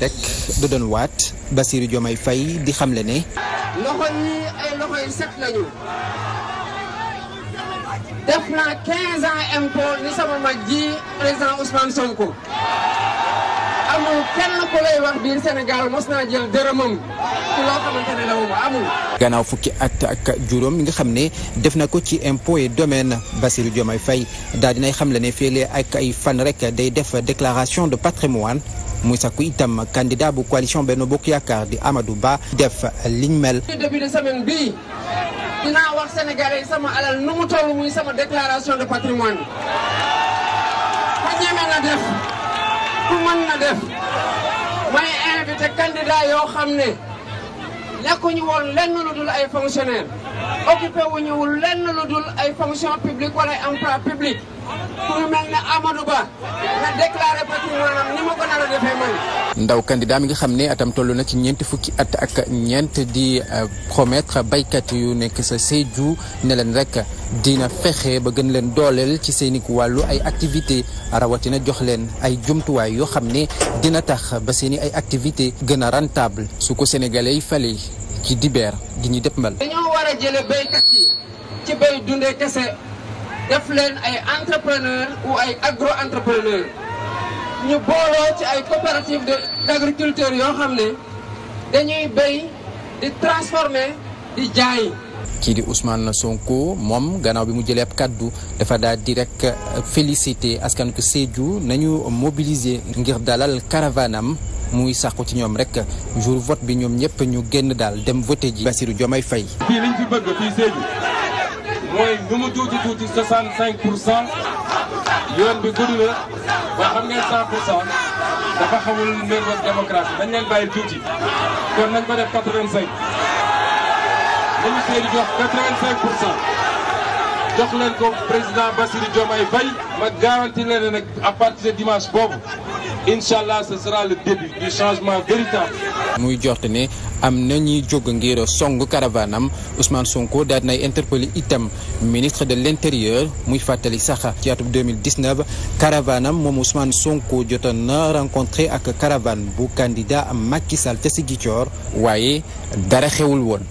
rek doon waat Bassirou Diomaye di xamle ne. def naa 15 ans ni sama mag ji président Ousmane Sonko. amul kenn ku lay wax biir Sénégal mos naa jël dërëmam ci loo xamante ne amul. gannaaw fukki at ak juróom yi nga xam ne def na ko ci impôt et domaine Bassirou fay Faye daal dinay xam le ne féelee ak ay fan rek day def déclaration de patrimoine muy sàkku itam candidat bu coalition Benno Bokk Yaakaar di Amadou Ba def liñ mel. dinaa wax sénégalais sama alal nu mu toll muy sama déclaration de patrimoine ko ñeme na def. ñëpp mën na def may invité candidat yoo xam ne nekkuñu woon lenn lu dul ay fonctionnaire occupé wuñu lenn lu dul ay fonction publique wala ay public ku mel ne Amadou Ba na déclaré patrimoine am ni ma ko nar a defee man ndaw candidat mi nga xam ne atam toll na ci ñeenti fukki at ak ñeent di euh, promettre baykat yu nekk sa Sédhiou neleen leen rek dina fexe ba gën leen dooleel ci seeni wàllu ay activité rawatina jox leen ay jumtuwaay yoo xam ne dina tax ba seeni ay activité gën a rentable su ko sénégalais fale ci dibeer di ñu dëpp dañoo war jële béykat yi ci béy dundee kese def leen ay entrepreneur ou ay agro entrepreneur ñu booloo ci ay coopérative de d'agriculteurs yoo xam ne dañuy béy di transformer di jaay kii di Ousmane Sonko moom gannaaw bi mu jëlee ab kàddu dafa daal di rek euh, félicité askan ko nañu mobiliser ngir dalal caravane am muy sàqu ci ñoom rek jour vote bi ñoom ñëpp ñu génn daal dem voté ji Bassirou Diomaye Faye fii liñ fi bëgg fii Sédhiou mooy nu mu tuuti tuuti 65 pour cent yoon bi gudd na ba xam ngeen 100 pour cent dafa xamul méngoog démocratie dañ leen bàyyi tuuti kon nañ ko def dañu seeni jox ko président Bassirou Diomaye Faye ma garanti leen ne nag à partir boobu incha allah ce sera le début du changement véritable. muy joxte ne am na ñuy jóg ngir song caravane am Sonko daal nay itam ministre de l' muy fàttali sax ci atum 2019 caravane am moom Ousmane Sonko jotoon na rencontré ak caravane bu candidat Macky Sall ca Ziguinchor waaye dara xewul woon.